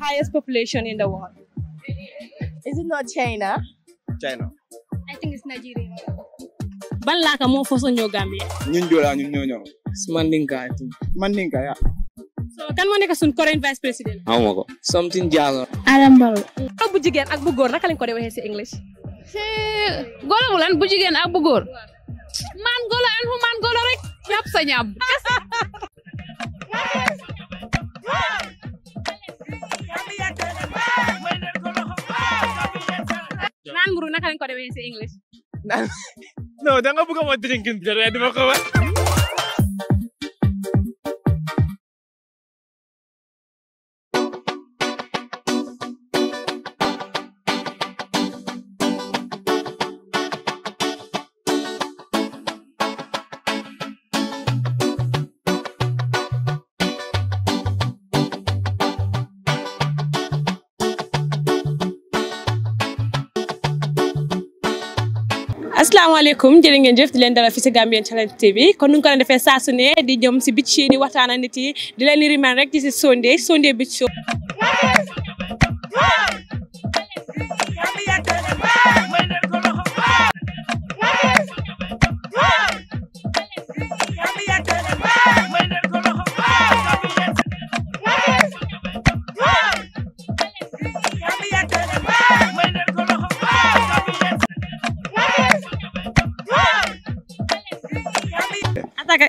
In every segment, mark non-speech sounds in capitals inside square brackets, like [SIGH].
highest population in the world. Is it not China? China. I think it's Nigeria. ban la ka mo foso ñoo Gambia. ñun joolaa ñun ñoo ñoo. Mandinka I think. Mandinka ya. so kan mo nek sun current vice president. xamuma ko. something Jallow. Adam Barrow. Ko bu jigen ak bu gor naka lañ ko dee waxe ci English. góor bu lan bu jigen ak bu gor. man golo an hu man golo rek. ñap sa Yes. [LAUGHS] kalian menggunakan konvensi English? No, udah nggak buka más drinking, pero ya tengo asalaamaaleykum jërë ngeen jëf di leen dara fi si Gambian Talents TV kon nu nga ko doon defee ne di jëm si beach yi di waxtaan ak nit yi di leen di remind rek ci si Sunday Sunday beach show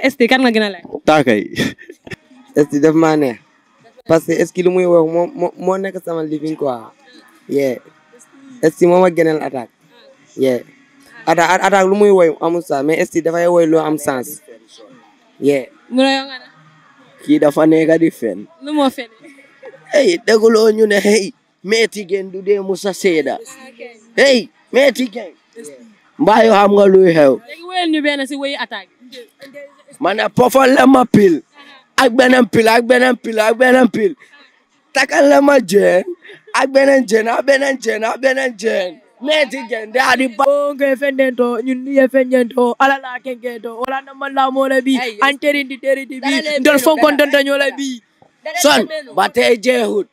ST kan nga gën a laaj. taakay. ST daf maa neex parce que ST lu muy wax moo moo moo nekk sama living quoi. yeah ST moo ma gënal attaque. yeah attaque attaque lu muy woy amul sax mais ST dafay woy loo am sens. yeah. ne yow kii dafa nekk di fen. nu moo fen. hey dégguloo ñu ne hey. meeti gen du dee musa seeda. hey meeti gen. mbaa yoo nga luy xew. Mana pofa lama pil. Agbena pil, agbena pil, agbena pil. Takan lama jen. Agbena jen, agbena jen, agbena jen. Meti jen, dia di ba. Oh, ke fenden to, nyun ni fenden to. Ala la ken ken to. Ola na la mo la bi. Anteri di teri di bi. Dol fon don danyo la bi. Son, bate jehud.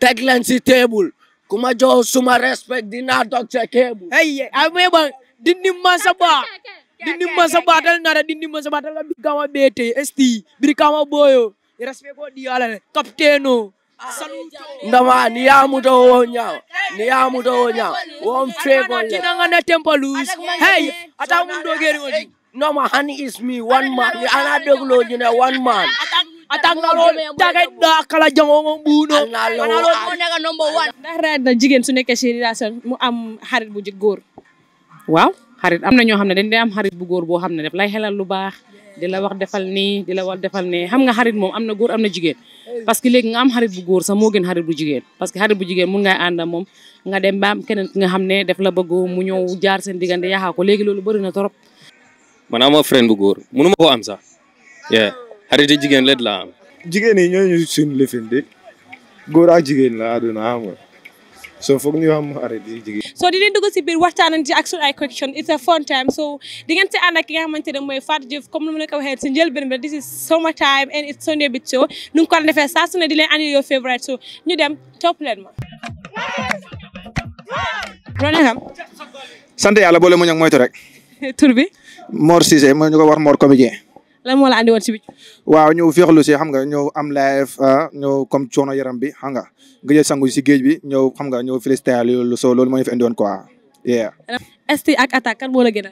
Taglansi table. Kuma jo suma respect di na doctor cable. Hey, ame bang. ma masa ba dindi masa badal nara dindi masa badal la bikawa bete esti ma boyo iraspe ko di ala kapteno ndama ni amu wo wonya ni yamuto wo nyaw wo mfego le tinanga na tempo lose hey ata do geri wodi no ma hani is me one man ana doglo you know one man atang na lool tagay da kala jango ngong buno ana lool mo nega number 1 ndax rad na jigen su nekké ci relation mu am xarit bu jik goor waaw xarit am na xamne dañ day am xarit bu goor bo xamne def lay xelal lu bax dila wax defal ni dila wax defal ne xam nga xarit mom, am goor amna am parce que léegi nga am xarit bu goor sa mo gën xarit bu jigen. parce que xarit bu jigen, mun ngay ànd mom nga dem ba am keneen nga xamne def la bëggu mu ñow jaar seen diggante yaxaa ko léegi lolu bari na torop man am friend bu goor mënuma ko am sax yeah xarit jigen led la am ni yi ñu suñu lifin di góor ak jigen la aduna xam so foog ñu am xarit yi so di leen dugg si biir waxtaanante ak suñu ay question it's a fun time so di ngeen si ak nga xamante ne mooy Fatou Diouf comme lu ma la ko waxee si njëlbeen bi this is summer time and it's Sunday beach show nu ngi ko defee saa su ne dem topp leen ma sant yàlla boole mu ñag moytu rek [LAUGHS] tur bi Mor Cissé mo ñu ko war Mor comédien lan moo la andi woon si bi waaw ñëw féexlu si xam nga ñëw am live ah, ñëw comme coono yaram bi xam nga gëj a sangu si géej bi ñëw xam nga ñëw Philistin loolu soo loolu moo ñu fi indiwoon quoi. attaque kan la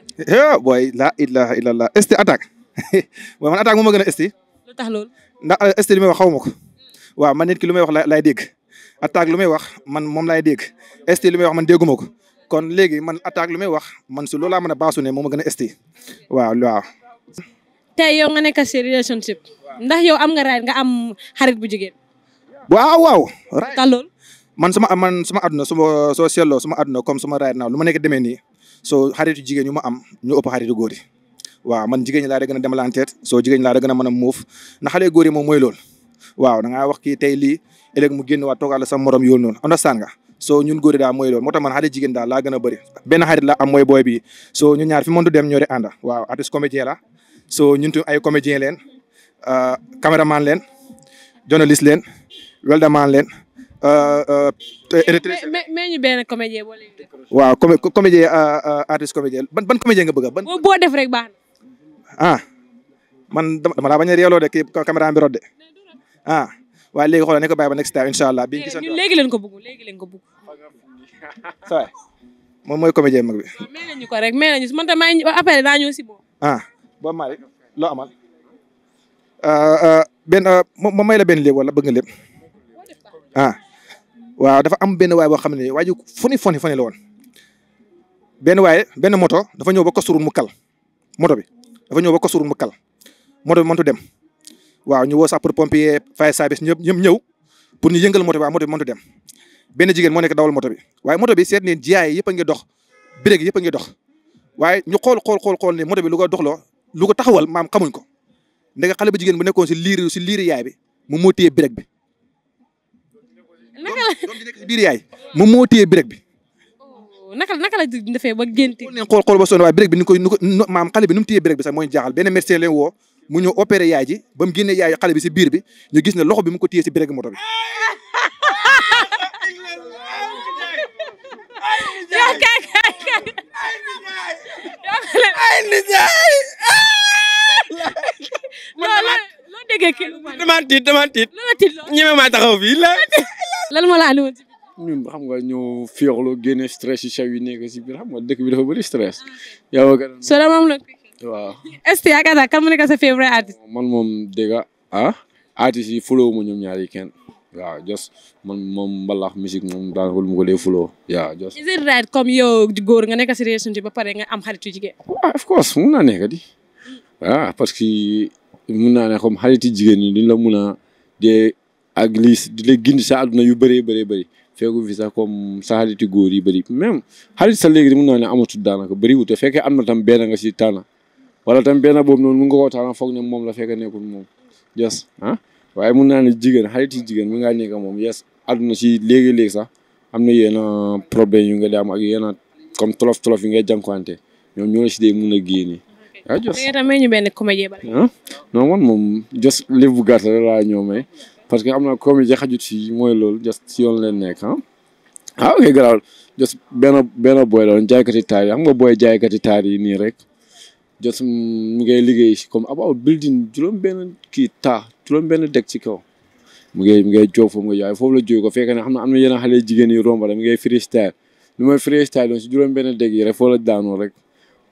la ilaha illallah ST attaque [LAUGHS] booy man attaque moom ma gën a ST. lu tax loolu. ndax euh, ST li may wax xaw ma ko. waaw man nit ki lu may wax la laay dégg attaque lu may wax man moom laay dégg ST li may wax man dégguma ko kon léegi man attaque lu may wax man su loolaa mën a baasu ne moom ma gën a ST waaw waaw. tey yow nga relationship. ndax yow am nga nga am xarit bu jigéen. waaw waaw. tàllool man sama man sama àdduna su ma soo seetloo sama àdduna comme sama raay naaw lu ma nekk demee nii soo xaritu jigéen ñu ma am ñu ëpp xaritu góor yi waaw man jigéen ñi laa da gën a demalanteet soo jigéen ñi laa da a mën a muuf na xale góor yi moom mooy loolu waaw wax ki tey lii ëllëg mu génn waa toogaal sa morom yoolu noonu understand nga soo ñun góor yi daal mooy loolu moo tax man xale jigéen daal laa gën a bëri benn xarit la am mooy booy bi soo ñun ñaar fi mëntu dem ñoo di ànda waaw artiste comédien la soo ñun tu ay comédien leen ah, caméraman leen journaliste leen weldamaan leen. électricité euh, euh, mais mais ñu benn comédien boo leen def. waaw comé comédien euh, artiste comédien ban come comédien nga bëgg a ban. boo def rek baax ah man dama a réeloo de kii caméra bi rodde ah waaye léegi xoolal ne bëgg léegi ko bëgg. mooy comédien mag bi. waaw ah, mel si boobu. ah boobu maa rek ma may la benn léeb wala bëgg nga lépp. ah waaw dafa am benn waay boo xam ne waa ji foni foni foni la woon benn waaye benn moto dafa ñëw ba kosurul mu kal moto bi dafa ñëw ba kosurul mu kal dem waaw ñu woo sapeur pompier fire service ñëpp ñëpp ñëw pour ñu yëngal moto bi moto bi mëntu dem benn jigéen moo nekk dawal moto bi waaye moto bi seet ne jiyaay yëpp a dox béréb yëpp a dox waaye ñu xool xool xool xool ne moto bi lu ko loo lu ko taxawal maam xamuñ ko ndeke xale bu jigéen bu nekkoon si liir si liiri yaay bi mu moo téye béréb bi naka la biir yaay moom moo téye birek bi. naka naka la defee ba génti. xool nañ xool xool ba sonn bi ni ko maam xale bi nu mu téye birek bi sax mooy jaaxal benn médecin leen woo mu ñëw opéré yaay ji ba mu génnee yaay xale bi si biir bi ñu gis ne loxo bi mu ko téye si birek moto bi. ay nijaay loo déggee kii lu bari ñeme maa taxaw fii la. lan moo la andiwoon ci ñun xam nga ñëw féexloo génne stress yu sew yi nekk si biir xam nga dëkk bi dafa bëri stress. Ah, yow ak. soo dem am la. waaw. est-ce que yaakaar naa kan mu nekk sa favorite artiste. man moom dégg nga ah ma ñoom ñaari kenn. waaw jos man moom mbalax musique moom daanaka lu mu ko dee fuloo waaw jos. is it right comme yow góor ba pare nga am xarit yu jigéen. ah of mun naa nekk di. Ah, parce que. mun naa ne comme xariti jigéen ñi duñ la mun a dee ak lii di la gindi sa àdduna yu bëree bëree bëri fekku fi sax comme sa xariti góor yi bëri même xarit sa léegi mun naa ne amatul daanaka bëriwut te fekkee am na tam benn nga si tànn wala tam benn boobu noonu mun nga koo tànn foog ne moom la fekk nekkul moom yes ah waaye mun naa ne jigéen xariti jigéen mun ngaa nekk moom yes àdduna si léegi-léegi sax am na yenn euh, problème yu nga di am ak yenn comme tolof tolof yi ngay jànkuwante ñoom ñoo si dee mun a génne a Jos. da ngay ñu benn comédien ba non man moom Jos li bu gàtt la laa parce que am na comédien xajut si mooy loolu Jos si yoon leen nekk a ah ok garaawul Jos benn benn booy la woon jaaykati taar yi xam nga booy jaaykati taar yi nii rek Jos mu ngay liggéey comme about building juróom benn kii taa juróom benn deg ci kaw. mu ngay mu ngay jóg foofu mu ngay waaye foofu la jógee ko fekk ne xam na am na xale jigéen yi romb rek mu ngay freestyle lu mooy freestyle doon juróom benn deg yi rek foo la daanoo rek.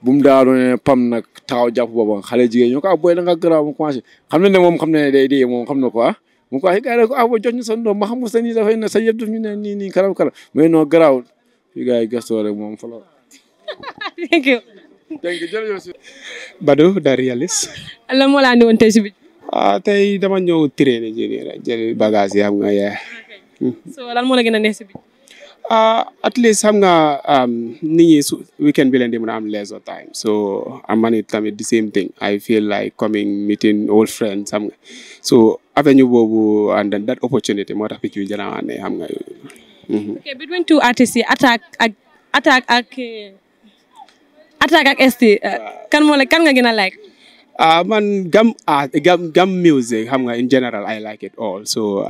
bu mu daanu ne pam nag taaw jàpp booba xale jigéen ñoo ko ah booy nga garaaw mu commencé xam na ne moom xam na ne day dee moom xam na ko ah mu ko ah gars yi ko ah boo jox ma xam ko sa nii dafay ne sa yëpp daf ñu ne nii nii karaw karaw mais non garaawul fi gars yi [LAUGHS] woon tey si bi ah tey dama ñëw traîner jëli bagage yi am nga yaay so lan moo la gën a si bi Uh, at least xam nga um, nit ñi su weekend bi leen di mën a am less of time so am man it tamit the same thing I feel like coming meeting old friends xam nga so avenue boobu and then that opportunity moo tax picc yi jëlaat ne xam nga. Mm-hmm. ok between two artists yi attack ak attack ak ST uh, kan moo la kan nga gën a like. a uh, man gam gam gam music xam nga in general I like it all so. [LAUGHS]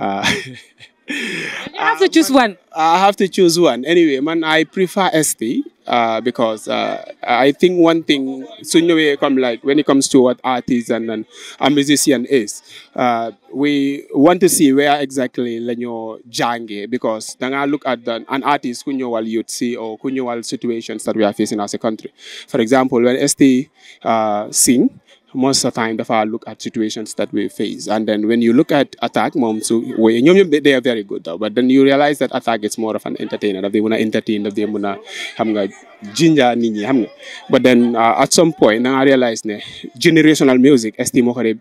you have to um, choose man, one. I have to choose one. Anyway, man, I prefer ST uh, because uh, I think one thing, Sunyowe, come like when it comes to what artists and, and a musician is, uh, we want to see where exactly Lenyo Jange because then I look at the, an artist, Kunyowal you'd see or Kunyowal situations that we are facing as a country. For example, when ST uh, sing, most of the time I look at situations that we face and then when you look at attack moom su they are very good though but then you realize that attack is more of an entertainer They want to entertain daf dee mën a xam ginger, nini, but then uh, at some point da I realize ne generational music ST moo ko dee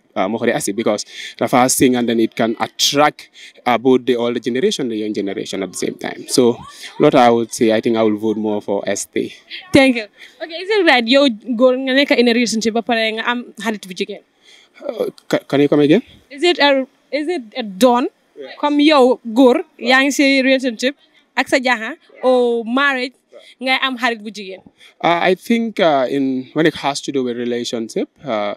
because uh, ko dee sing and then it can attract uh, both the older generation the young generation at the same time so lot I would say I think I will vote more for ST. thank you okay is it right You are going in a relationship but i am xarit bi jigéen. can you come again. is it a is it a don. Come yow góor yaa ngi si relationship ak sa jaaxa or marriage ngay am xarit bu again. Uh, I think uh, in when it has to do with relationship. Uh,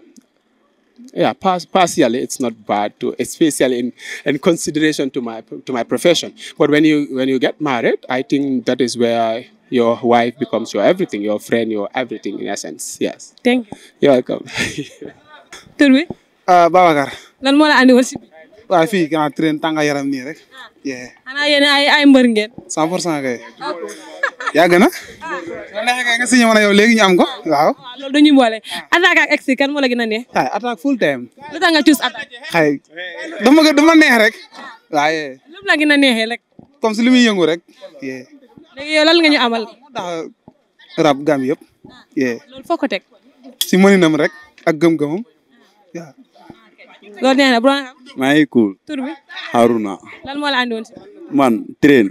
yeah, partially it's not bad to, especially in, in consideration to my to my profession. But when you when you get married, I think that is where I. your wife becomes your everything, your friend, your everything in essence. Yes. Thank you. You're welcome. [LAUGHS] Tur bi? Uh, Babacar. Lan mo la andi won ci bi? Wa fi gëna train tanga yaram ni rek. Ah. Yeah. Ana yene ay ay mbeur ngeen? 100% kay. Ah. Yag na? Nga nexe kay nga signé wona yow légui ñu am ko. Waaw. Lool dañuy bolé. Attaque ak exi kan mo la gëna né? Ay attaque full time. Lu tanga nga choose attaque? Xay. Dama dama neex rek. Waaye. Lu la gëna nexé rek? Comme si limuy yëngu rek. Yeah. léegi yow nga ñu amal. daa rab gam yëpp. Ah, loolu foo ko teg. si mëninam rek ak gëm-gëmam waaw. loolu nee na bu maa ngi Haruna. lan moo la man train.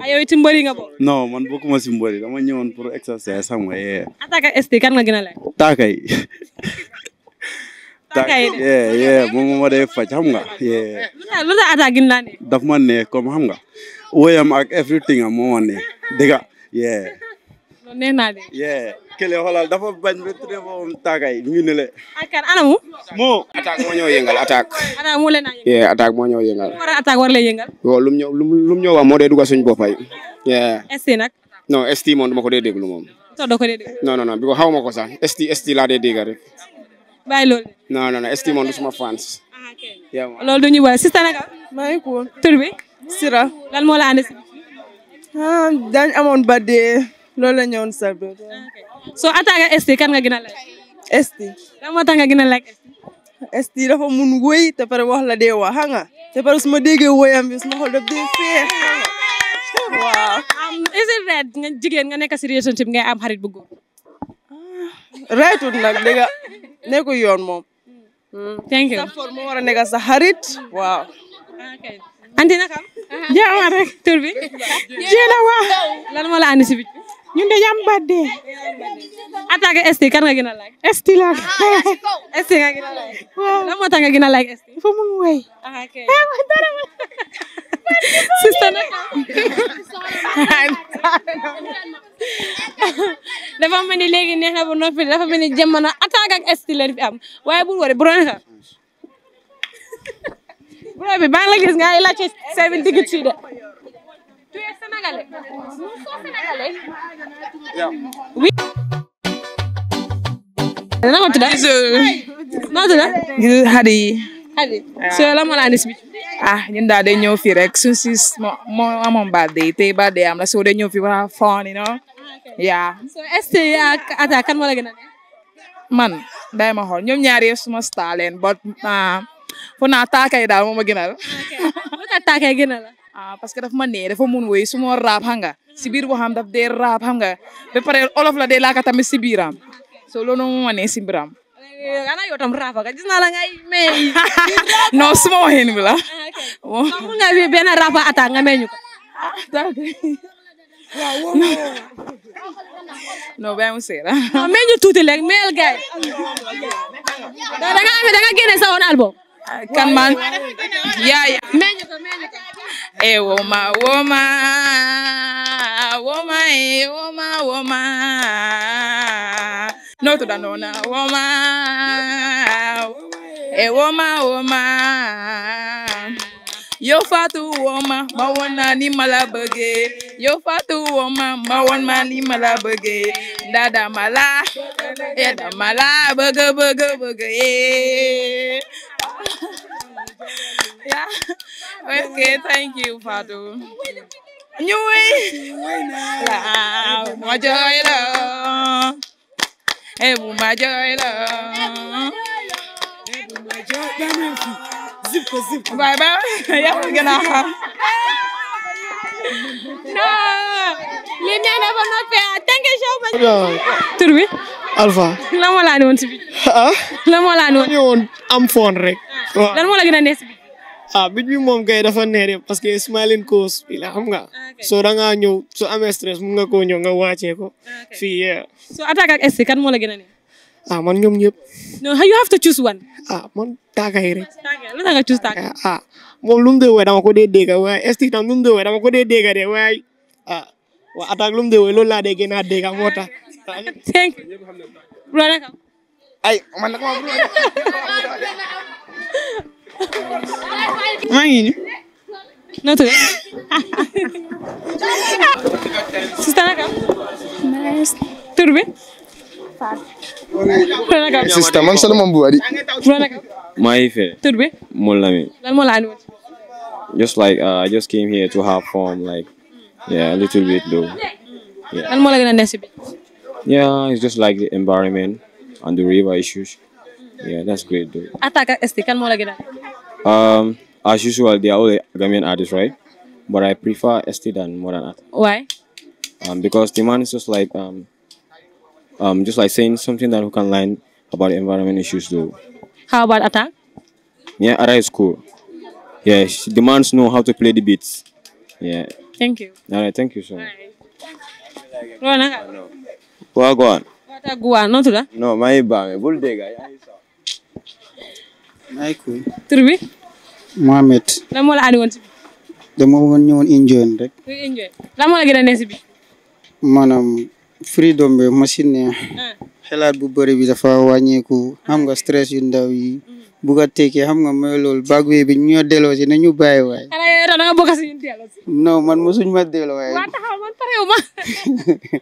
ah yow ci mbëri man bokkuma si dama ñëwoon pour exercice xam nga. attaque ak ST [LAUGHS] faj xam nga. lu tax attaque gi daf ma ne comme xam nga. OM ak everything am moo ma ne yeah no naa de yeah kele holal dafa bañ ba tudde boom tagay ñu ne le akar anamu mo attack mo ñëw yengal attack attaque moo yeah attack mo ñëw yengal war attack war leen yengal wo lum ñëw lum ñëw wa mo de duga suñ bopay yeah ST nak non ST moom duma ko de deglu mom to do ko de deg non non non biko xawma ko sax ST ST la de degal rek bay lol non non non ST moom du suma fans ah ok loolu du ñu wala sista nag may ko tur bi Sira lan mo la andi ah dañ amone badé loolu la ñëwoon sabe ah, so ataga ST kan nga gina a like ST lan moo tax nga gën a like ST dafa mun woy te pare wax la dé wax nga te pare suma ma déggee bi suma xol daf dee feex wow um, is it red nga jigen nga nek ci relationship ngay am xarit bu góor ah, reetut nak dëgg nekku yoon mom mm. thank you For mo wara nek sa xarit wow ah, okay. anti nakam jaawaat rek tur bi jéena waa lan moo la andi si biir ñun dañu am badde attaque ST kan nga gën a like ST laag ST nga gën a like lan moo tax nga gën a like ST fa mun way eh, sista naka dafa mel ni léegi neex na ba noppi dafa mel ni jamono attaque ak ST la fi am waaye bu wari bu bro bi baa la gis nga ay laajte seven digits yi de. tu es sénégalais. soo na nga tudda. Euh, noo tudda. Ah. la moo la ah ñun daal day ñëw fii rek suñu sis moo moo birthday tey birthday am la soo day ñëw fii foon you ah, yaa. so est ce que ata man day ma xool ñoom ñaar yëpp suma star leen but. Ah, fo na taakay daal mooma gënal ka taakay gënal ah parce que dafa ma nee dafa mun woy su ma raab xam nga bir biir xam daf dé rap ha nga ba paré olof la la ka tamit ci biram so no mo nee ci biram ana yo tam rap ga gis na la ngay mé non su ma waxee nii la mo nga bi ben rap ata nga méñu ko No, bàyyi mo sera. Ma meñu tuuti léegi mel gay. da nga amee da nga génne sa woon album Yeah, Kaman. Yaya. E woman, woman. Woma e woman, woman. No to da nona woman. E woman, woman. Yo fatu oma ma ma ni mala la Yo yow ma ma ni mala la Dada mala dama la ya yeah thank you Fatou ñu la ma jooy la e ma ma jooy la ma jooy la Sipko, sipko. Bye bye. [LAUGHS] Y'a ko gën xam. Non. Li na ba noppee ah tënk show ma. Tur bi. Alpha. Lan moo laa ne woon si bi. Ah. Lan moo laa ne woon. am foon rek. Lan la bi. ah bi dafa parce que smiling course bi la xam nga. so da so stress mun nga koo ñëw nga wàccee ko. so attaque ak est kan moo la ah man ñoom ñëpp. no you have to choose one. ah man taaga yi rek. lu choose taaga. Ah, ah moom lu mu dee woy dama ko dee dégg waaye esti tam lu mu dee woy dama ko dee ah, loolu laa dee a dégg moo ay man nag maa maa sista naka. tur Sister, bu la naka. sista man Salma Mbuwari. bu la naka. maa ngi fi. bi. Mul lan moo la anu. just like uh, I just came here to have fun like yeah a little bit though. Yeah. lan moo la gën a bi. yeah it's just like the environment and the river issues. Yeah, that's great though. Attack ST, kan mo lagi Um, as usual, they are all Gambian artists, right? But I prefer ST than more than art. Why? Um, because the man is just like um, um, just like saying something that we can learn about environment issues though. How about Atta? Yeah, Atta is cool. Yeah, she demands know how to play the beats. Yeah. Thank you. All right, thank you so much. All right. Well, go on. Guan, not that? No, my bam, bull dega. My cool. Tur bi? Mohamed. Lan moo la andi woon si bi. Dama woon ñëwoon enjoy rek. Enjoy. Lan moo la gën a neex si bi. Maanaam freedom be machine ne xelat mm. bu beuri bi dafa wañeku xam nga ah, stress yu ndaw yi mm. ga teke xam nga moy lol bagwe bi ñoo delo si nañu bàyyi waay non man mosuñ ma delo way wa taxaw man pareewu ma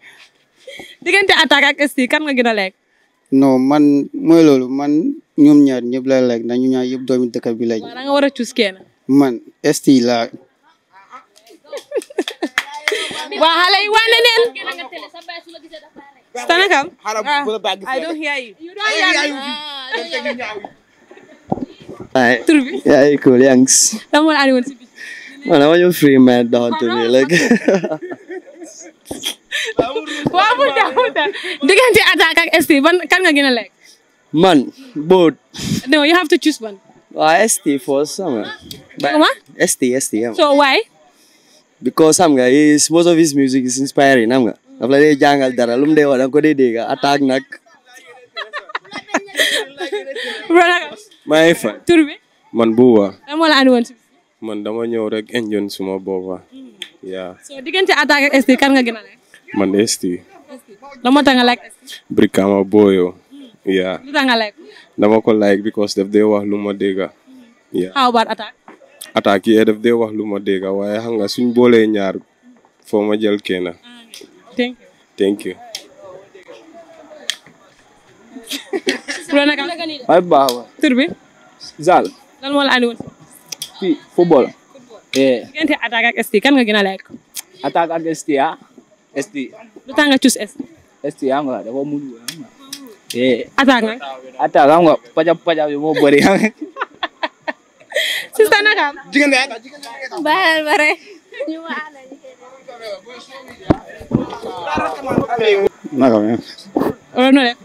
[LAUGHS] digante attaque ak esti kan nga gëna lek non man moy lol man ñoom ñaar ñëpp la lek nañu ñaar yëpp doomi dëkk bi lañ da nga man esti la [LAUGHS] waa xale yi wane neen stand ah, I don't hear you ah, tur bi yaa ngi cool yaa ngi si man dama ñu free man doxantu bi léegi [LAUGHS] waaw bu dee bu dee diggante attaque ban kan nga gën man both no you have to choose one waaw ST for summer ST ST so why because am is most of his music is inspiring am ga hmm. apalagi jangal dara lum dewa dan ko dede ga attack nak my friend turbe man buwa dama la andi won man dama ñew rek enjon suma boba yeah so digënté attack ST kan nga gëna lek man ST dama ta nga lek brikama boyo hmm. yeah lu ta nga dama ko like because def day wax luma dega hmm. yeah how about attack attaque yi def dee wax lu ma dégg waaye xam nga suñ boolee ñaar foo jël kenn thank you thank you ay baax wa Turbi? zal lan moo la andi woon fi football eh diggante attaque ak st kan nga gën a like attaque ak st ah st lu tax nga choose st st am nga dafa mulu eh attaque nag attaque am nga pajab pajab yi moo bëri Sistana kam? Jigan da ta, jigan da ta. Bahal bare. Na kam. Ora no le. Eh.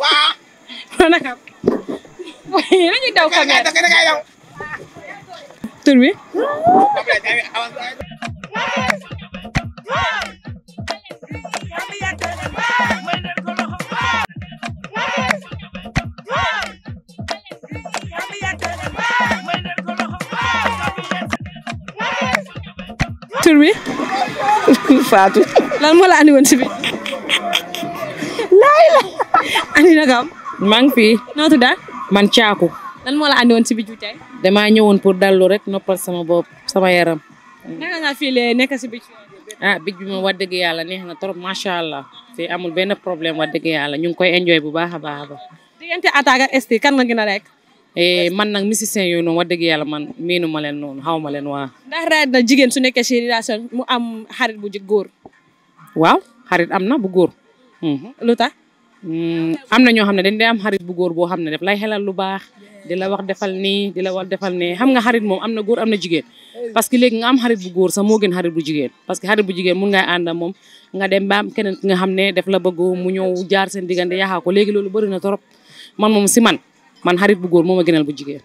Wah. Na kam. Wah, ini daw kam. Tur bi? Kami akan Turbi, bi faatu lan mo la andi won ci bi layla andi na gam mang fi no tudda man chaaku lan mo la andi won ci bi jutay dama ñewon pour dalu rek noppal sama bop sama yaram nga nga fi le nek ci bi ah bij bi mo wax deug yalla neex na trop machallah fi amul ben problème wax deug yalla ñu koy enjoy bu baaxa baaxa digënté ataga est kan nga gina rek Eh, man nag musicien yooyu noonu wax dëgg yàlla man miinu ma leen noonu xaw ma leen waa. ndax raad na jigéen su nekkee si relation mu am xarit bu ji góor. waaw xarit am na bu góor. Hmm. lu tax. Hmm, am na ñoo xam ne dañ dee am xarit bu góor boo xam ne daf lay xelal lu baax di la wax defal nii di la wax defal ne xam nga xarit moom am na góor am na jigéen. parce que léegi nga am xarit bu góor sax moo gën xarit bu jigéen parce que xarit bu jigéen mun ngay ànd ak moom nga dem ba am keneen nga xam ne def la bëgg mu ñëw jaar seen diggante yaaxaa ko léegi loolu bëri na trop man moom si man man harit bu guru moma gënal bu jigéen.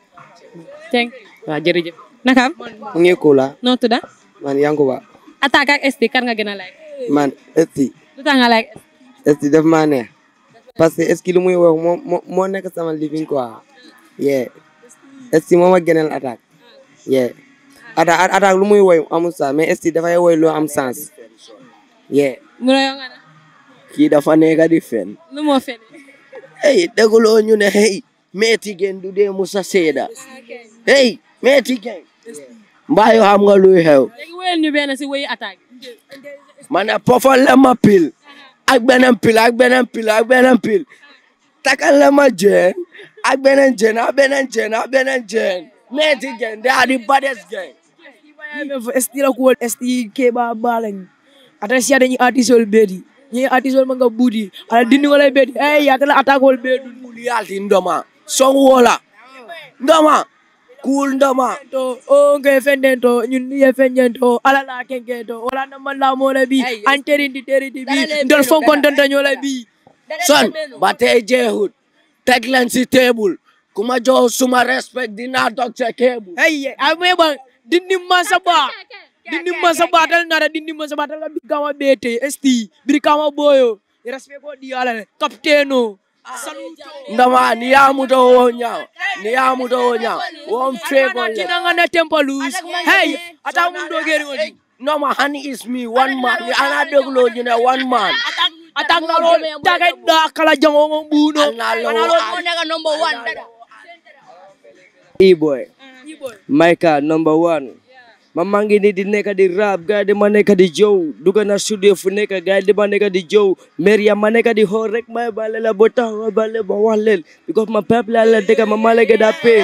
wa jere jërëjëf. naka. mu ngi la no tuda man Yankuba. attaque ak ST kan nga gën lay man Esti. lu tax nga lay ST daf ma neex. parce que ST lu muy wax mo mo nek sama living quoi. yeah Esti moma gënal attaque. yeah Ada ada lu muy woy amul sa mais ST dafay woy lo am sens. yeah. mu ne yow nga na. kii dafa ga di fen. lu mo fen. hey degulo ñu ne hey meti gen dem musa seda hey meti gen mbayo xam nga luy xew man pofal la ma pil ak benen pil ak benen pil ak benen pil takal la ma jen ak benen jen ak benen jen ak benen jen meti gen di are gen estira ko esti ke ba esti baleng atasi ada ni artisol bedi ñi artisol nga budi ada dinding wala bedi ay ya kena atakol bedu mulia ndoma song wola ndama kul ndama to o nge fenden to nyun ye fenden to ala la kenge to wala na la mo la bi anteri di teri di bi ndol fo kon don dañu la bi son bate e jehud lan ci table kuma jo suma respect dina ci kebu hey ame bang dindi masaba dindi masaba dal nara dindi masaba dal bi gawa bete st bi kama boyo respect ko di ala kapteno ndama niyamuta wonyawa niyamuta wonyawa na tempo lose hey ata mundogeri no ma hani is me one man ana degloji ne one man atang nalo tagay da kala jango ngong buno analo monega kan number one dada e boy Micah number one mamangini di neka di rap gade de mane di jauh. duga na studio funeka, gade ga di jauh. meria mane di horek mai bale la bota wa bale ba walel because my people la de ka mamale ga dapin. pain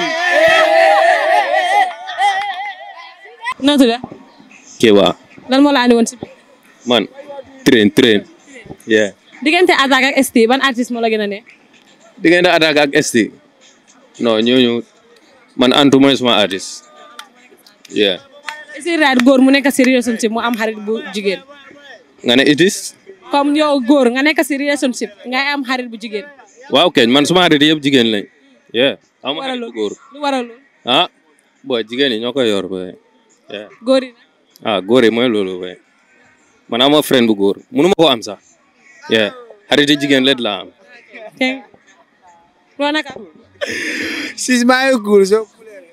na tuda kewa lan mo la man train train yeah digante ada ak ST ban artis mola la gëna ne digante attack ak ST No, nyonyo. man antuma sama artis. yeah Si ce que raar góor mu nekk si relationship mu am xarit bu jigéen. nga ne itis. comme yow góor nga nekk si relationship ngay am xarit bu jigéen. waaw ken, man suma xarit yëpp jigen lañ. yeah am xarit bu lu waral ah booy jigen yi ñoo koy yor booy. góor ah góor yi mooy loolu booy. man am friend bu góor mënuma koo am sax. yeah xarit yi jigéen léegi laa am. si maa ngi góor so.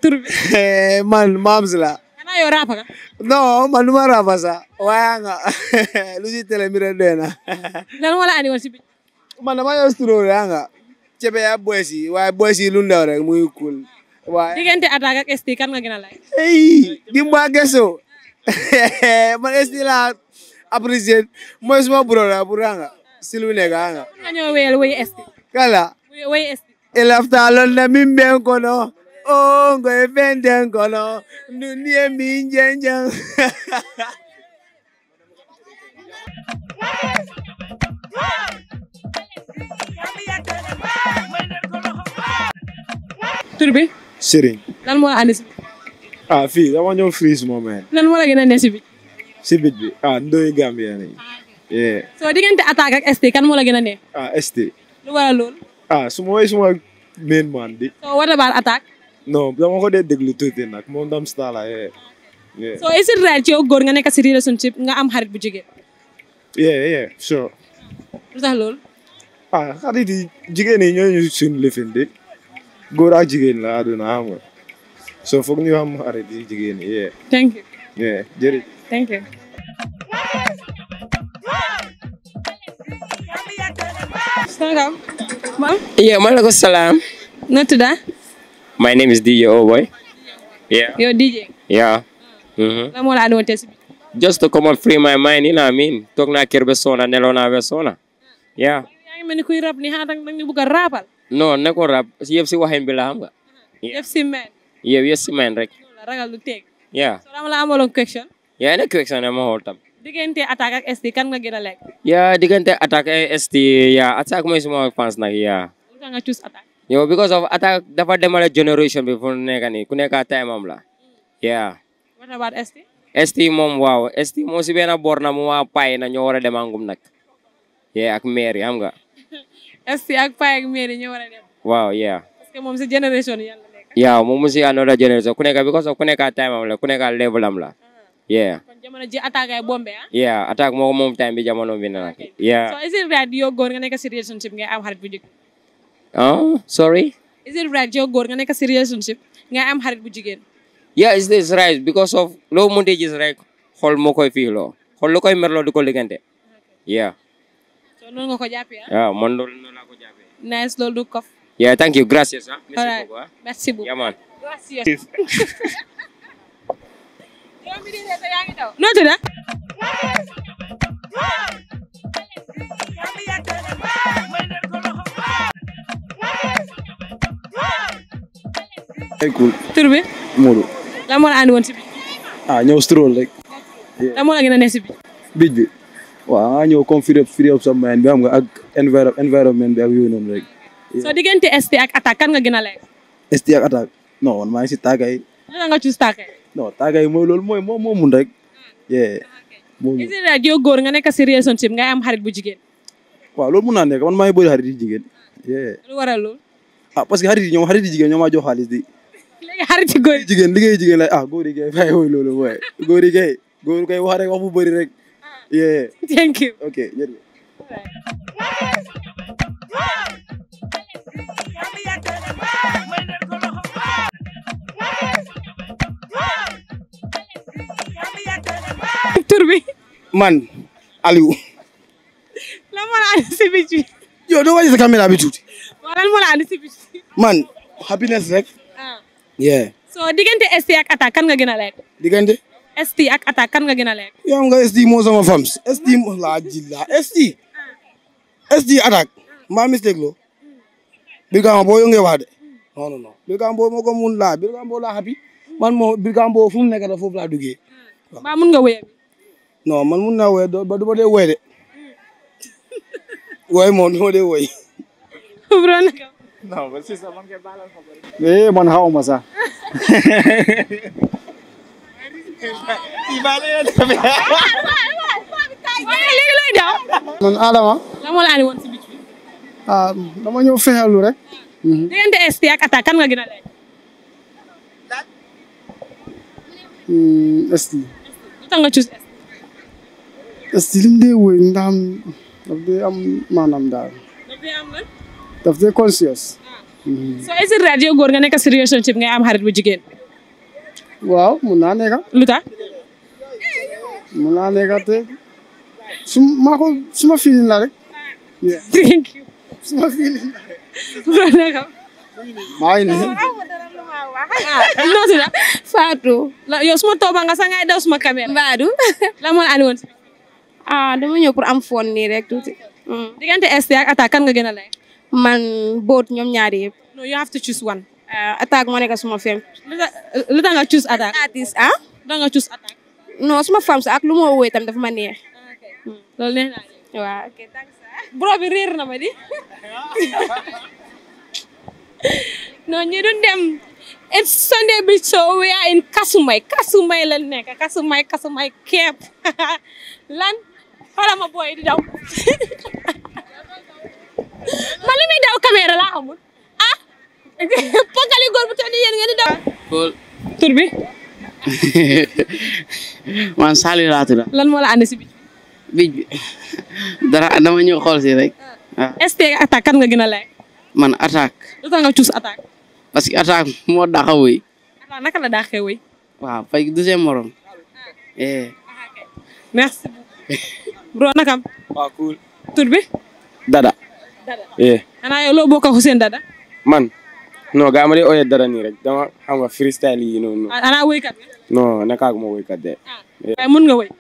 tur bi [LAUGHS] eh, man maams la. yow rap nga. non man du ma rap waaye nga [LAUGHS] lu ci télé mi rek doy na. [LAUGHS] lan moo la andi woon si bi. waaye boys yi lu ndaw rek waaye diggante attaque ak ST kan nga gën a laaj. di mu man ST laa apprécié mooy suma broda pour nga si lu nekk kala wéy na min been kono ongo epende nkolo dunie minjenja turbi sirin Serigne lan moo la ah fii dama ñëw freeze moom meen lan moo la gën a ne bi ah ndoy Gambia nii yeah. So diggante attaque ak ST kan moo la gën ne ah ST lu waral ah semua ma woy main man di so what about attack non dama ko dee déglu tuuti nag moom dam star yee. so is it right yow góor nga nekk si relationship nga am xarit bu jigéen. yeah yeah sure. lu ah xarit yi jigéen yi ñoo ñu suñu ak jigéen la àdduna xam nga so foog ñu am xarit yi jigéen yi yeah. thank you. yeah jërëjëf. thank you. salaamaaleykum. yeah maaleykum salaam. noo tudd My name is DJ Oh Boy. Yeah. You're DJ? Yeah. Mm -hmm. Just to come and free my mind, you know what I mean? Talk na kirbe sona, nelo na we sona. Yeah. Yang ya, meni kuy rap ni hadang nang ni buka rapal. No, ne ko rap. Yep si wahin bila ham ga. Yep man. Yeah, yes si man rek. Ragal lu tek. Yeah. So ram la amolon question. Yeah, ne question am hol tam. Digante attack ak ST kan nga gëna lek. Yeah, digante attack ST. Ya, Yeah, attack moy suma fans nak yeah. Nga choose attack. You because of ata dapat demala generation before nekani kuneka time amla. Yeah. What about ST? ST mom wow. ST mom si bena borna mo pay na ñoo wara demangum nak. Yeah, ak mairie am nga. ST ak pay ak mairie ñoo wara Wow, yeah. Parce mom si generation yalla kan? Yeah, mom si another generation kuneka because of kuneka time amla, kuneka level amla. Ah. Yeah. Kon jamono ah? Yeah, attack moko mom time bi jamono ah, Yeah. So is it that you go nga nek kan kan relationship nga am xarit bu Oh, sorry? Is it right you're going to a serious nga I am bu jigéen you. Yeah, is this right? Because of low montage is right. Hol mo koy fi lo. Hol lo koy merlo di ko ligante. Yeah. So noonu nga ko jàppee ah. waaw man loolu noonu laa ko jàppee. nice loolu du kof. yeah thank you gracias ah. merci beaucoup ah. [LAUGHS] cool tur Muru. Modou la mo la andi won ah, stroll rek la mo la gëna ness bi ak environment bi ak yoy so digënté ST ak attaque kan nga gëna lay ST ak attaque non man ma ngi tagai? tagay lan nga ci tagay non ah. yeah mo is it that yow goor nga nek ci relationship nga am xarit bu jigen waaw lool mun yeah lu waral lool ah parce que xarit ñom xarit jigen ñoma di léegi xarit góor yi jigéen liggéey jigéen la ah góor yi kay bàyyi mooy loolu mooy góor wax rek wax bu bëri rek. Ah. yee thank you ok jërëjëf. tur bi. man Aliou. lan moo la andi si biir bi. yow doo wàññi sa caméra bi tuuti. waaw lan moo la andi si biir bi. man happiness rek. Yeah. So diganti ST ak attaque kan nga gena lek? Diganti? ST ak attaque kan nga gena lek? Yang gak nga ST mo sama fams ST mo la jilla ST. Ah. ST attaque. maa mistake loo. Brikama boo yëngee wax de. non non non Brikama boo moo mun laa Brikama happy. man moo Brikama boo fu mu nekk da foofu laa duggee. Ah. mbaa mun nga wéyal. non man mun naa wéyal ba du ma dee wéy de. wéy [LAUGHS] [LAUGHS] Eh, [LAUGHS] non ba man kay baalal xabar. ma sax. waaye man Adama. lan moo la andi woon si biir. ah dama ñëw fexeelu rek. Mhm. diggante ST ak attaque kan nga gën a lay. ST. lu dee wóy ndax am daf daal. daf dee conscience. Hmm. so est radio que rajo nga nek si relationship ngay am harit bu jigen waw mu na nekk. luta mu na naa te sum ma ko suma feeling la rek. thank you. suma feeling la rek. maa ngi nii. noo tudd Yo yow suma tooba nga sax ngay daw suma caméra. Mbadu. [LAUGHS] la moo la ah dama ñëw pour am phone ni rek tuuti. Mm. diggante ST ak attaque kan nga kenal lagi? lay man boot ñom ñaar yeb no you have to choose one uh, attack mo nek suma fem lu da nga choose attack artist ah da nga choose attack no suma fam sa ak lu mo woy tam dafa ma neex lol neex na wa okay thanks ah. bro bi rir na ma di [LAUGHS] no ñi dun dem It's Sunday beach, so we are in kasumay kasumay la nek, kasumay kasumay camp. [LAUGHS] Lan, hala ma boy di daw. [LAUGHS] Malah may daw kamera lah kamu Ah? Pokali gol bu tane yeen ngeen daw. Gol. Tur bi? Man Sali la tuda. Lan mo la and ci bij? bi. Dara dama ñew xol ci rek. ST attaque kan nga gëna lay? Man attaque. Lu tax nga cius attaque? Parce que attaque mo daxawuy. Attaque naka la daxewuy? Waaw, fay deuxième morom. Eh. Merci. Bro nakam? Wa cool. turbi bi? dada eh xanaa yow loo bokk ak Dada man non gaa de ooyee dara nii rek dama xam nga freestyle yi noonu noonu xanaa woykat non ah. ndax mun naa woy ah.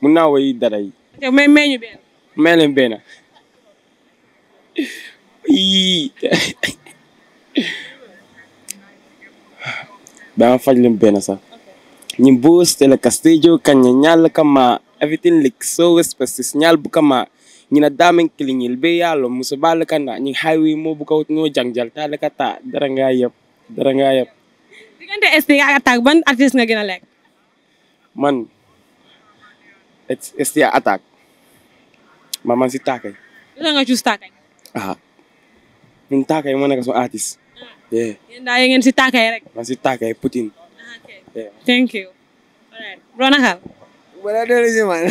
mun naa woy dada yi mais mais [LAUGHS] dama faj leen benn sax ñim boos tele castillo kaña ñaal kama everything like so specific ñaal kama ñina damen kiliñil be yalo musa bal kana ñi highway mo bu kawt no jangjal tala kata dara nga yeb dara nga yeb digante ST ak attack ban artiste nga gëna lek man ST attack mama si takay dara nga ci takay ah ñun takay mo naka so artiste ye yeen da ngeen si takay rek man si takay putin ah, thank you Alright, right ronahal wala dere man [LAUGHS]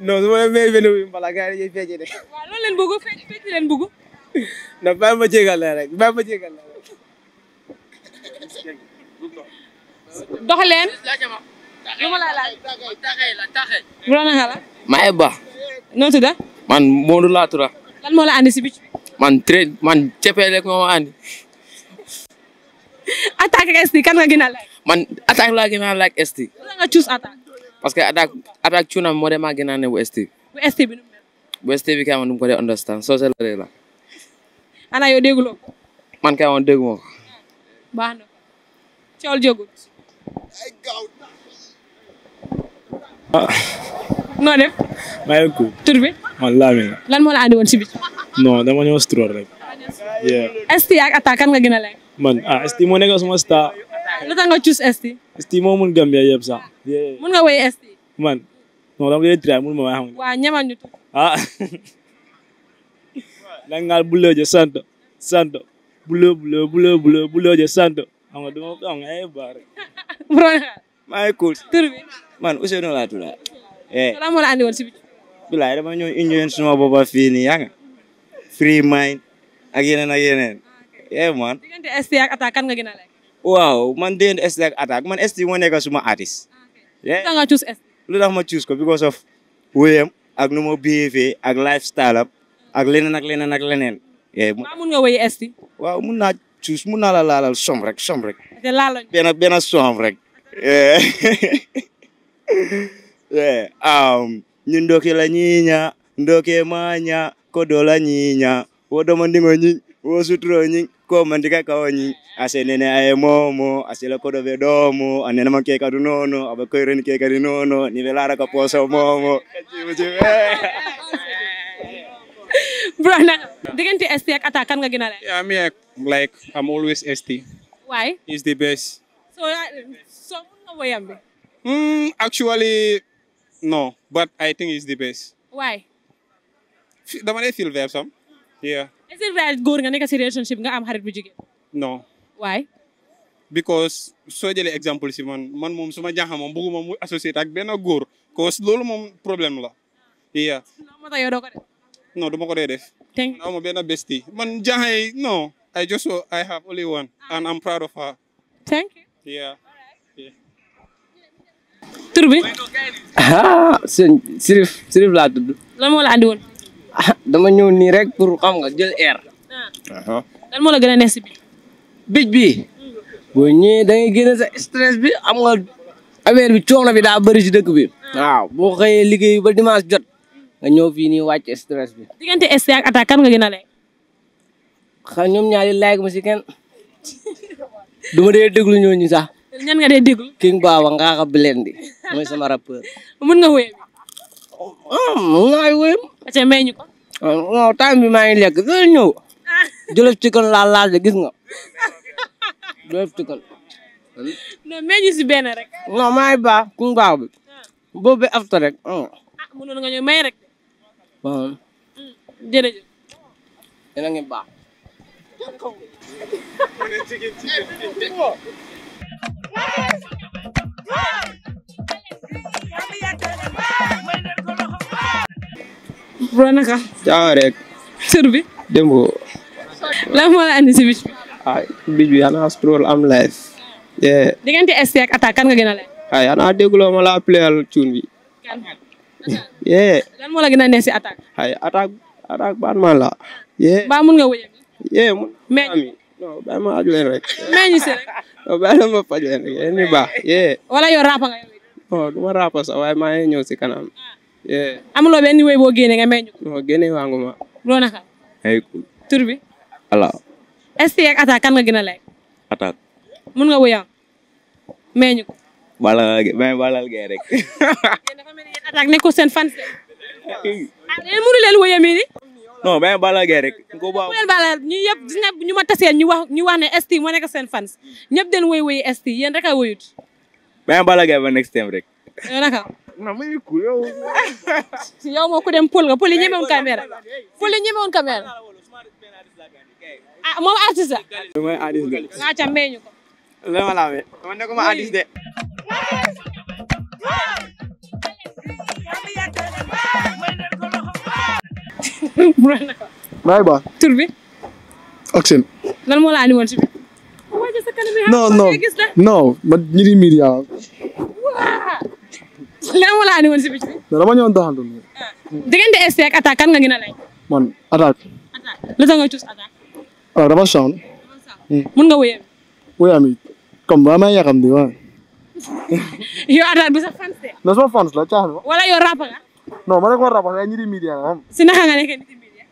non su may benn wuyu mbala yi fecc de. waaw loolu leen bëgg fecc fecc leen bëgg. non bàyyi ma jégal la rek bàyyi ma jégal la dox leen. lu la la. Ba. man Modou laa lan moo la andi man très man cepee rek andi. attaque esti kan nga gën man attaque laa gën esti. lan nga choose attaque. parce que attaque attaque cuunam moo dee maa ne bu ST. bu ST bi kay ma nu understand soo seet la. ana yow dégguloo man kay ma déggu ma ko. baax na cool ah. moo la andi woon si bi. non dama ñëw man ah ST moo nekk suma star. lu ta nga jus ST ST mo mun gam ya yeb sax mun nga ST man Mau dama lay dira mun ma xam wa ñamal ñu tout ah la bulo aja santo santo bulo bulo bulo bulo bu le santo xam nga dama xam bro may cool tur man Ousseynou la tula eh la mo la andi won ci biti bilaay dama ñëw union suma boba fi ya nga free mind ak yenen ak yenen eh man digënté ST ak attaque Wow, man didn't expect attack man ST one nigga suma ah, Yeah. lu tax nga choose ST. lu dah ma choose ko because of William ak nu ma behave ak lifestyle up ak lenen ak lenen ak leneen. maa mun nga wéy ST. Wow, mun naa choose mun naa la laalal som rek som rek. te laaloñ benn benn som rek. [LAUGHS] Um, ñun ndoke la ñiiña ndoke maaña kodo la ñiiña wo wo suturo nyi ko mandika ka ase nene ae momo asila kodo be domo ane nama ke kadu nono aba ko ren ke kadu nono ni velara ka poso momo Brana, diggante ST ak attack kan nga Ya mi ak ya, like I'm always ST. Why? is the best. So uh, so wayambe. Hmm, actually no, but I think it's the best. Why? The man feel there some. Yeah. Is it very good nga nekk si relationship nga am harit bu jigen? No. Why? Because so jëlee example si man man mom suma jaha mom bugu mom associate ak benn góor cause lolu mom problem la. Yeah. No ma tax do ko def. No, duma ko def. Thank you. Amu benn bestie. Man jaha no. I just I have only one and I'm proud of her. Thank you. Yeah. Tur bi? Ah, sëñ Sirif Sirif la tuddu. Lan la andi won? dama [LAUGHS] ñëw ni rek pour xam nga jël air. lan mo la gëna a bi. bij bi bo ñëwee da ngay gëna sa stress bi am nga affaire bi coono bi da bari ci dëkk bi. waaw bo xëyee liggéey ba dimanche jot nga ñëw fi ni wacc stress bi. digënté est ak attaque kan nga gëna lay xa ñom ñaari like ma ci kenn duma dé dégglu ñoo ñooñu sax. ñan nga dé dégglu King Baba nga xam Blindé moy sama rappeur. mën nga wéy. ah mun naa wéy. acca may ko. waaw time bi maa ngi lekk doo ñëw [LAUGHS] jëlëf chicken laa laaj gis nga jëlëf chicken. non mais ñu si benn rek. bi ah. boobu bi after rek. ah, ah mënoon bro naka. jaa rek. tur bi. Dembo. lan moo la andi si bic bi. ah bic bi xanaa stroll am life. diggante ST ak attaque kan nga gën a lay. ah xanaa dégguloo ma laa cuun bi. kan. lan moo la gën a neex si attaque. ay attaque attaque baat maa la. mbaa mun nga wéyal. yee mun naa mi non bàyyi ma aju leen rek. meññ si wala yow raapa nga yow. non du raapa sax waaye maa ngi ñëw si kanam. Ah. amuloo benn woy boo génnee nga may ñu ko. non génne waa nguma. loo naka. ay cool. tur bi. ala. ST ak attaque kan nga gën a lekk. attaque. mun nga woyam. may ñu ko. balal ge mais balal ge rek. [LAUGHS] yéen dafa ni yéen seen fan. [LAUGHS] ah yéen mënu leen rek. ko baaw leen balal ñu yëpp ñu ma ñu wax ñu wax ST moo nekk seen fan ñëpp den woy ST yéen rek a woyut. mais rek. non ma ñu ku [LAUGHS] yow. yow moo ku dem pël nga pël yi ñemewoon caméra pël yi ñemewoon caméra ah moom artiste la. mooy artiste de. nga ca mbéy ñu ko. loolu ma laa amee. man nekkuma de. maa ngi baax. tur bi. Oxen. lan moo la animal ci bi. non non non man ñi di miir yaa. lan moo la andi woon si bitti. non dama ñëwoon doxantu. Ah. diggante ST ak attaque kan nga gën a lay. man attaque. attaque lu tax nga cus attaque. waaw dafa sound. mun nga wéyam. wéyam it comme ba may yàqam di waaye. [LAUGHS] yow attaque bi sa fans de. non sama fans la caaxaan ma. wala yow rap nga. non ma ne ko rap nga ñi di media la am. si naka nga nekk ñi di media.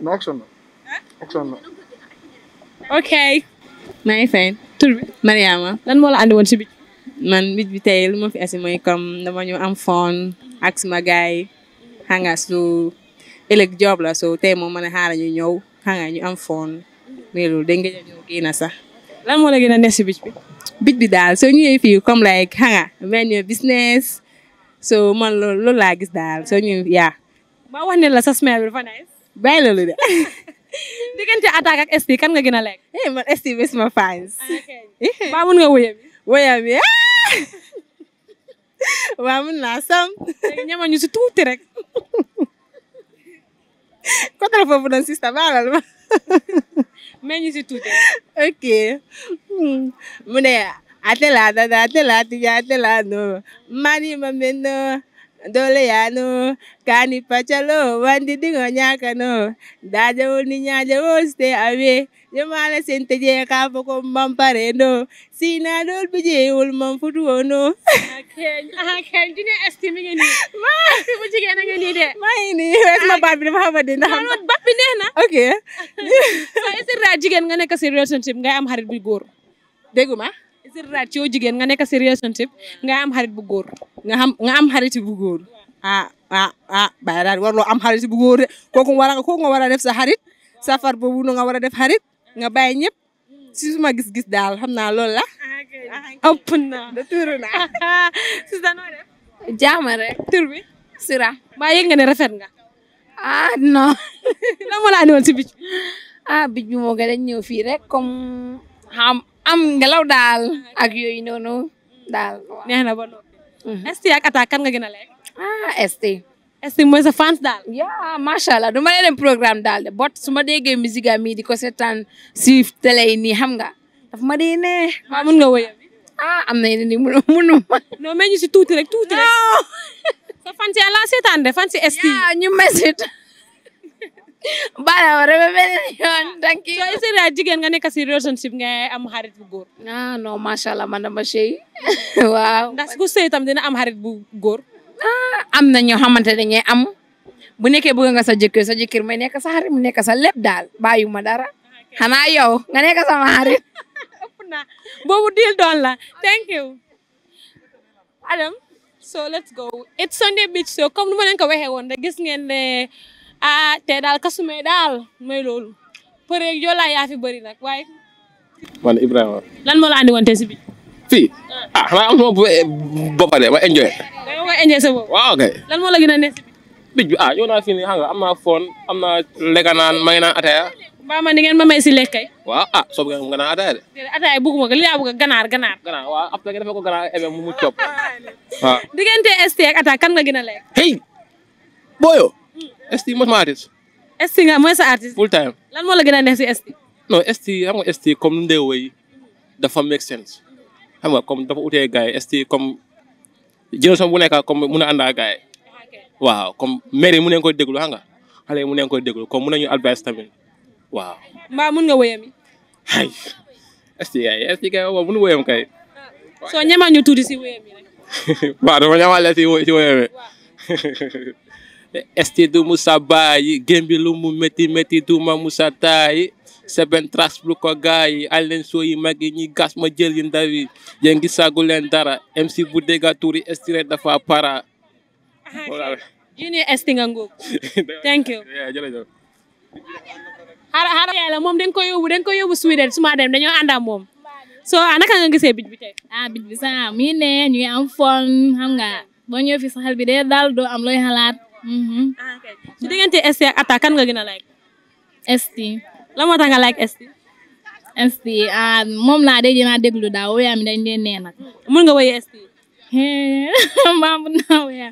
na action la. action la. ok. maa ngi fay tur bi. Mariama lan moo la andi woon si bitti. man bij bi tey lu ma fi asi mooy comme dama ñëw am fon ak suma gaay xanga su ëllëg job la so tey moom mën a xaara ñu ñëw xanga ñu am fon mais loolu dañ gëj a sax lan moo la gën a neex si bij bi bij bi daal soo ñëwee fii comme like xanga venue business so man loolu loolu laa gis daal soo ñëwee yaa ma wax ne la sa smell bi dafa nice bàyyi [LAUGHS] kan nga gën a lekk eh ma ah, eh. mun nga wóyam wóyam [LAUGHS] waaw mën na sam ñama ñu si tuuti rek [LAUGHS] côté la foofu noonu sista baalal ma mais [LAUGHS] ñu si tuuti ok hmm. mu ne atela dada atela tija atela no mari ma menno dole ya nu, kani pachalo wandi dingo nyaka no daja wuni nyaja woste awe jemala sente je ka poko mampare no sina dol bije wul mam futu wono akel akel dine estime ngeni ma estime bu jigena ngeni de ma ini wes ma babbi ma ma de ndax babbi na? okay so est ce que jigen nga nek ci relationship ngay am harit bi gor deguma sirraat ci yow jigéen nga nekk si relationship nga am xarit bu góor nga am nga am xarit bu góor ah ah ah bàyyi daal warloo am xarit bu góor de wara war nga wara a def sa xarit safar boobu nga war a def xarit nga bàyyi ñëpp si suma gis-gis daal xam naa loolu la. ëpp na de tur na [LAUGHS] sista noo def. jaama rek tur bi sira mbaa yëg nga ne rafet nga. ah no, [LAUGHS] lan moo la andi woon si bij ah bij bi moo gën a ñëw rek comme xam. am ngelaw daal ak yooyu noonu daal. neex na ba noppi. Mm-hmm. ST ak kan nga gën a lekk. ah ST. ST mooy sa fans daal. yaa macha allah du ma leen programme daal de bot su ma déggee musique am di ko seetaan si télé yi nii xam nga daf ma di ne. maa ah, mun nga woyal. ah am na yeneen yu mun munu ma. ñu si tuuti rek tuuti rek. sa fans yaa laa de fans ST. ñu mesit baala rebe beneen yoon thank ah, you soo gisee nga nekk si relationship nga am xarit bu góor. ah non macha allah man dama sëy [LAUGHS] waaw. ndax ku sëy tam dina am xarit bu góor. ah am na ñoo xamante ne ñooy am bu nekkee bëgg nga sa jëkkër sa jëkkër may nekk sa mu nekk sa lépp daal bàyyu ma dara ah, xanaa yow nga nekk sama xarit. [LAUGHS] boobu deal doon la thank you. Adam so let's go it's Sunday Beach so comme ni ma leen ko waxee woon gis ngeen ne. ah te daal kasumay daal may loolu përeeg joolaa yaa fi bëri nag waaye. man Ibrahima. lan moo la andi woon tey si bi. fii ah xanaa am na boppam de ma enjoy. da nga koy enjoy sa bopp. waaw kay. lan moo la gën a neex si bij bi ah ñëw naa fii nii xam nga am naa foon am naa lekk naan may naan ataya. mbaa ma ni ngeen ma may si lekk kay. waaw ah soobu ngeen nga naan ataya de. ataya bugguma ko li laa bugg a ganaar ganaar. ganaar waaw après nga defee ko ganaar eme mu mu cob. [LAUGHS] waaw diggante ST ak ataya kan nga gën a lekk. hey booyo. ST mooy sama artiste. ST nga mooy sa artiste. full time lan moo la gën a neex si ST. non ST xam nga ST comme Ndeye Woy dafa make sense xam nga comme dafa utee gars yi ST comme génération bu nekk comme mun a ànd ak waaw comme mairie mu ne ko déglu xam nga xale yi mu ne ko déglu comme mun nañu advice tamit waaw. mbaa mun nga woyami. ay ST kay ST kay mun woyam kay. soo ñemaa tuuti si woyami [LAUGHS] waaw dama ñamaa la woyami. esti du musa bayi gembi bi lu mu métti métti duma Moussa Taye seben trax lu ko gaay alen leen soo yi mag gas ma jël yi ndawi yi ngi sàggu dara MC bu touri esti estire dafa para voilà junior esti nga [LAUGHS] thank you ya, har har ya mom moom dañ ko yóbbu dañ ko yóbbu Sweden suma dem dañoo anda mom so anaka nga gisee bij bi tay ah bij bi sa mi ne ñu am fon xam nga bo ñëw fi saxal bi dee dal do am loy halat Mm-hmm. Ah, okay. Jadi nanti ti ST ya, atakan nga gina like? ST. Lama tak nga like ST? ST. Ah, mom lah ada jenah ada da o ya minta ini enak Mau Mun nga ST. He, mambo na ya.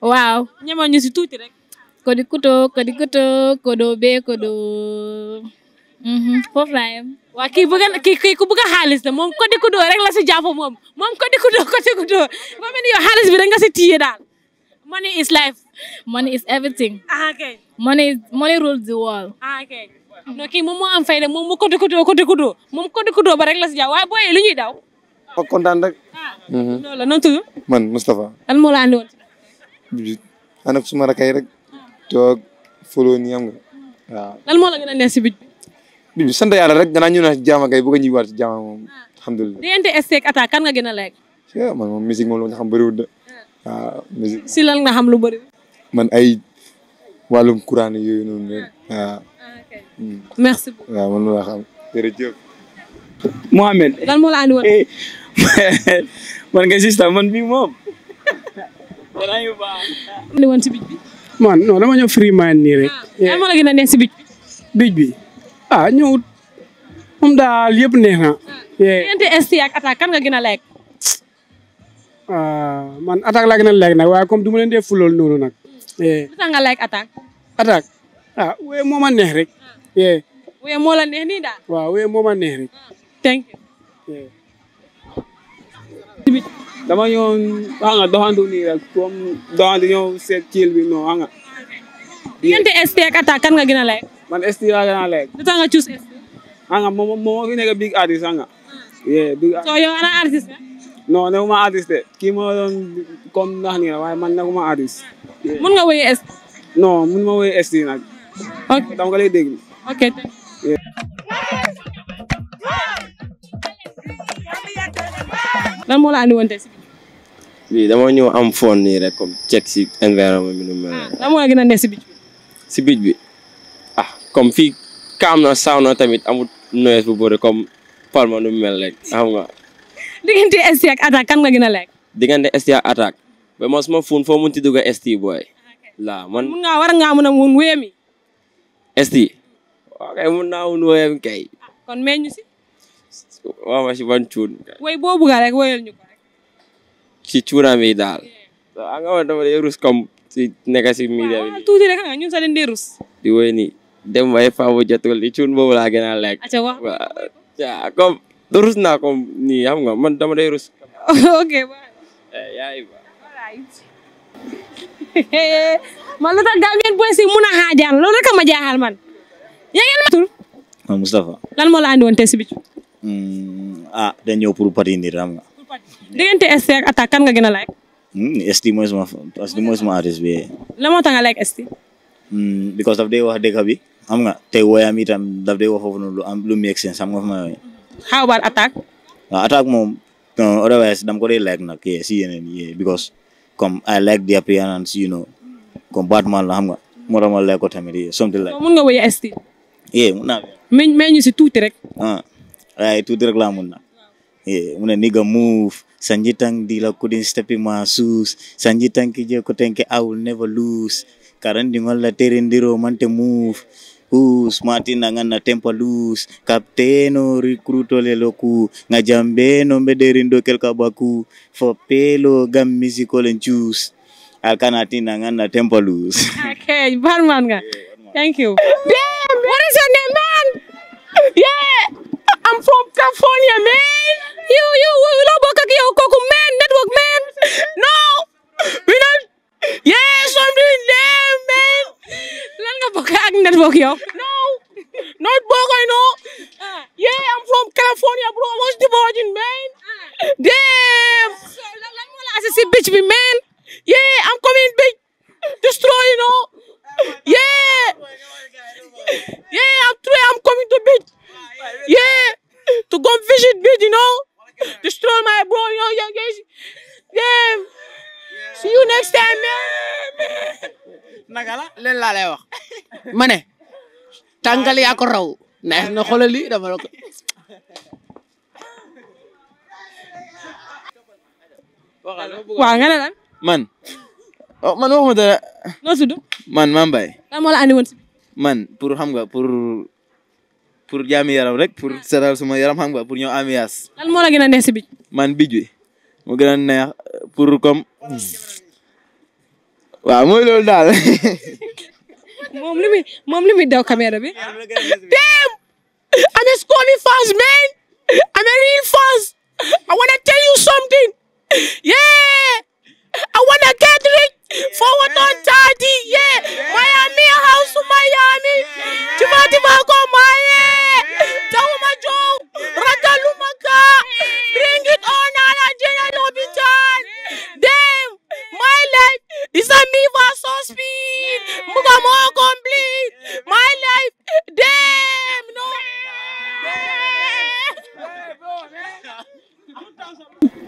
Wow. mau nyusi tuh rek. Kodi kuto, kodi kuto, kodo be, kodo. Mhm, fo fly. Wa ki ki ku halis da mom kodi kudo rek la si jafo mom. Mom kodi kudo kodi kudo. Mom ni yo halis bi da nga si tiye dal. Money is life. Money is everything. Ah, okay. Money is, money rules the world. Ah, okay. No kii Mumu am fayda Mumu kudu, kudu kudu kudu kodu moom kodu ba rek la ah, lu ñuy daw. Kok kontaan rek. Ah. Mhm. No, la non man Mustafa. Al moo non. Anak woon. ànd suma rakay rek. toog follow ni am nga. waaw lan moo la gën neex bi. bi rek danaa ñëw naa si jaama kay bëgg a ñibbaat si jaama ST ak kan nga man moom musique moom la si lan nga xam lu bari man ay walum quran yu noonu rek ah, ah hmm. merci beaucoup waaw ah, man laa xam jërëjëf Mohamed lan mo la andi woon eh, [LAUGHS] man nga sista man bi mom danañu yu ba ni won ci bi man non dama ñu free man ni rek ay ah, mo la gën a neex si bij bi bij bi ah ñëw moom daal yëpp neex na eh. diggante ST ak attaque kan nga gën lek Ah, man attaque laa gën a like nag waaye comme du ma leen dee fulool noonu nag. Hmm. Eh. lu tax nga like attaque. attaque ah wéy neex rek. Hmm. Eh. wéy moo la neex nii daal. waaw wéy moo ma neex rek. Hmm. thank you. Eh. Ah comme doxantu ñëw seet ciil bi non xam ah nga. diggante ST ak attaque kan nga gën a like. man ST laa gën a like. lu tax nga choose ST. xam nga moom moo fi nekk big artist xam nga. big artist. soo yow ana artist non nekkuma artiste de kii ma doon comme ndax nii la waaye man nekkuma artiste. mun nga woy est. non mun ma woy est nag. ok dama ko lay lan moo la andi woon tey si. bii dama ñëw am fon nii rek comme check si environnement bi nu mel. lan moo la gën a neex si bi. ah comme fii kaam na saaw na tamit amul noise bu bëri comme palma nu mu mel rek dengan ST ak Arak kan ah, nga gën a dengan diggante ST ak attaque ba mo fun foo mun ti dugg ST boy. la man mun ngaa war ngaa mun a mun wéemi. ST. ok ah, mun naa mun wéem kay. kon menu si. Wah ma si ban boh woy boo gue rek woyal ñu ko rek. ci cuunaam yi nga dama rus kom si nekk si media bi. waaw tuuti rek nga ñun sax dañ dee rus. di woy ni dem way faabu jotul li cuun boobu laa gën a acca terus درس nah, ناكم nih aku nggak دم ديروس [LAUGHS] oke Oke eh, ya, iya, ايبا malah tak gal ngeen boy si mun a xaajaan loolu rek ma jaaxal man ya ngeen matul ah Mustafa. lan moo la andi woon test Hmm ah dañ ñëw pour pati ini ram. nga diggante ST ak attaque kan nga Hmm a like ST mooy hmm, sama ST mooy sama artiste bi la moo tax nga like ST because of day wax dekabi, bi xam nga tey woyam itam daf day wax foofu lu am lu make sense xam nga fa how about attack. Ah, attack moom otherwise dama ko dee like nag yeah, si yeneen yeah, because comme I like the appearance you know comme Batman la xam nga moo tax ma like ko tamit yeah, something like. mun nga woy esti. yeah mun naa. tuuti rek. ah ay tuuti rek laa mun na. yeah mun na nigga move. Sanjitang dila couldn't step in my shoes. Sanjitang kije kotenke I will never lose. Karandingol la terendiro mante move. us nangan na tempo lus kapteno recrutole loku no jambeno mbederindo kel kabaku, fo pelo gam and juice ati nangan na tempo lus [LAUGHS] okay barman ga? thank you damn what is your name man yeah i'm from california man you you we lo love kaki yo koku man network man no we not yes i'm doing name man lan nga bokk ak network yow. non non boo koy noo. Ah. mané ne tàngal nah, ko raw neex na xoolal lii dama ko waaw nga kan? man oh man wo dara no sudu man man bay la mo la andi won man pour xam nga pour pour jami yaram rek pour seral suma yaram xam nga pour ñëw ambiance lan mo la gëna neex ci bi man bi eh. mu mo gëna ya, neex pour comme hmm. waaw moy loolu dal [LAUGHS] Mom, let me, mom, let me down camera, baby. Damn! I'm a Scully fans, man. I'm a real fans. I wanna tell you something. Yeah, I wanna get rich yeah, for what I'm daddy. Yeah, Miami house to Miami. Tiba tiba go Miami. Tawo majo, ragalu maka. Bring it on. life is a me for so speed. Muga more complete. My life, damn, no.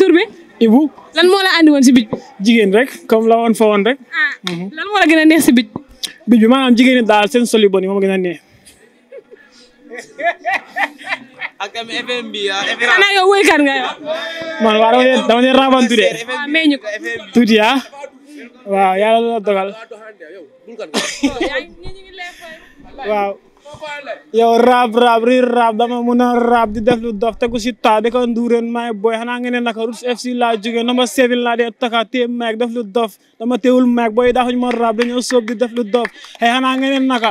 tur ibu. Ibou. lan moo la andi woon si bij bi. jigéen rek comme la woon fa woon rek. Ah. Mhm. lan moo la gën neex si bij bi. bij bi maanaam jigéen ñi daal seen sol yu bon yi moom gën a neex. ak tamit FM bi ah. xanaa nga yow. man waaw dama leen rabantu de. waaw ah, meññ ko tuuti ah. waaw yàlla la dogal [LAUGHS] waaw yow raab raab riir raab dama mën a raab di def lu dof tegu si taa di ko nduuréen maay booy xanaa ngeen ne naka Roots FC laa jógee namba seven laa dee taka téye meeg def lu dof dama téewul meeg booy daaxuñ ma raab dañoo sóob di def lu dof xëy xanaa ngeen ne naka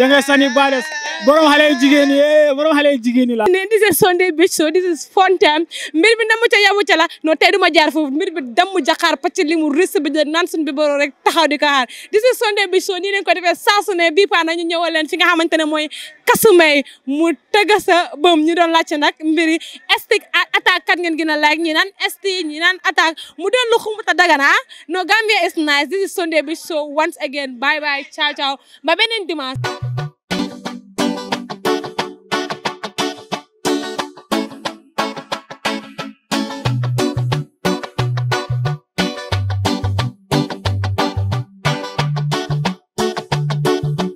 ya nga sani bades borom xale yu jigéen yi eh, borom xale yu jigéen yi la this is Sunday beach so this is fun time bi namu ca yamu ca la non tey duma jaar foofu mbir bi damu jaxaar pacc li mu ris bi jël bi boroo rek taxaw mooy kasumay mu tëgg sa bëm ñu doon laajte nag mbiri stick attaque kat ngeen gën a like ñi naan sti ñi naan attaque mu doon lu xumuta dagana ah? no Gambia is nice this is Sunday Beach so once again bye bye ciao ciao ba beneen dimanche